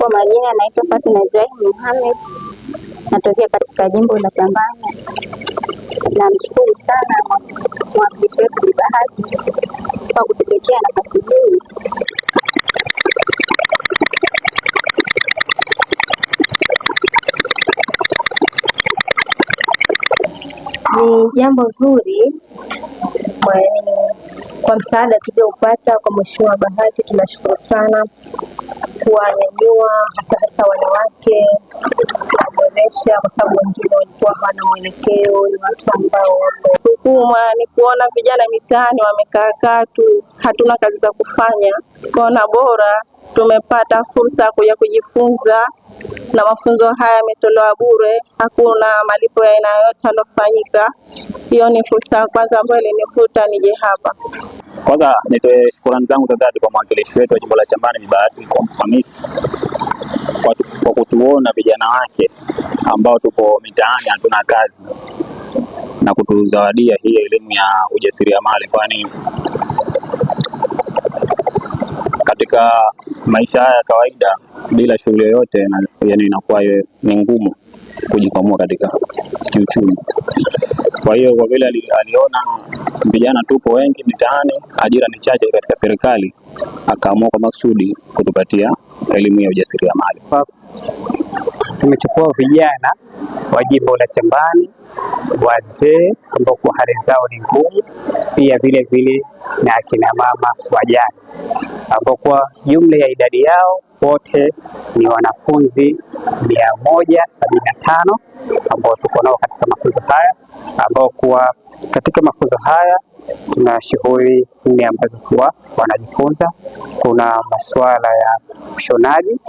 Kwa majina anaitwa Fatima Ibrahim Mohamed, natokea katika jimbo la Chambani. Namshukuru sana mwakilishi wetu Bi Bahati kwa kutuletea nafasi hii. Ni jambo zuri kwa, kwa msaada tulioupata kwa Mheshimiwa Bahati, tunashukuru sana kuwanyanyua hasa hasa wanawake, kuwaboresha, kwa sababu wengine walikuwa hawana mwelekeo. Ni watu ambao wamesukuma. ni kuona vijana mitaani wamekaakaa tu, hatuna kazi za kufanya, kaona bora tumepata fursa ya kuja kujifunza na mafunzo haya yametolewa bure, hakuna malipo ya aina yoyote yanayofanyika. Hiyo ni fursa ya kwanza ambayo ilinivuta nije hapa. Kwanza nitoe shukurani zangu za dhati kwa mwakilishi wetu wa jimbo la Chambani Bi Bahati Hamisi kwa, kwa kutuona vijana wake ambao tupo mitaani hatuna kazi na kutuzawadia hii elimu ya ujasiriamali, kwani katika maisha haya ya kawaida bila shughuli yoyote yani inakuwa ni ngumu kujikwamua katika kiuchumi. Kwa hiyo kwa vile aliona vijana tupo wengi mitaani, ajira ni chache katika serikali, akaamua kwa maksudi kutupatia elimu ya ujasiriamali. Tumechukua vijana wa jimbo la Chambani, wazee ambao kwa hali zao ni ngumu, pia vile vile na akina mama wajane, ambao kwa jumla ya idadi yao wote ni wanafunzi mia moja sabini na tano ambao tuko nao katika mafunzo haya, ambao kuwa katika mafunzo haya tuna shughuli nne ambazo kuwa wanajifunza. Kuna masuala ya ushonaji,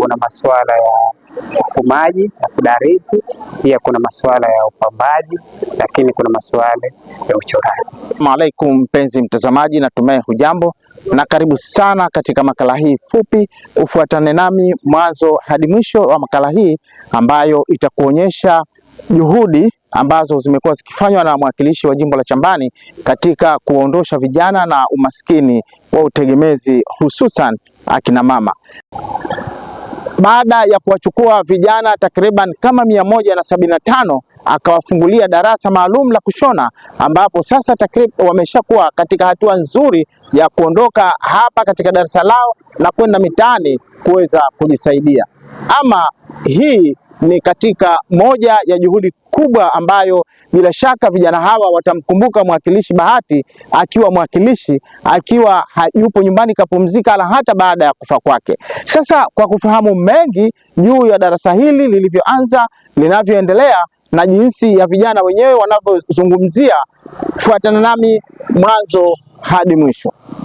kuna masuala ya ufumaji na kudarizi, pia kuna masuala ya upambaji, lakini kuna masuala ya uchoraji. Maalaikum mpenzi mtazamaji, natumai hujambo na karibu sana katika makala hii fupi. Ufuatane nami mwanzo hadi mwisho wa makala hii ambayo itakuonyesha juhudi ambazo zimekuwa zikifanywa na mwakilishi wa jimbo la Chambani katika kuondosha vijana na umaskini wa utegemezi, hususan akina mama. Baada ya kuwachukua vijana takriban kama mia moja na sabini na tano akawafungulia darasa maalum la kushona, ambapo sasa takriban wameshakuwa katika hatua nzuri ya kuondoka hapa katika darasa lao na kwenda mitaani kuweza kujisaidia. Ama hii ni katika moja ya juhudi kubwa ambayo bila shaka vijana hawa watamkumbuka mwakilishi Bahati akiwa mwakilishi, akiwa hayupo nyumbani, kapumzika, ala hata baada ya kufa kwake. Sasa kwa kufahamu mengi juu ya darasa hili lilivyoanza, linavyoendelea na jinsi ya vijana wenyewe wanavyozungumzia. Fuatana nami mwanzo hadi mwisho.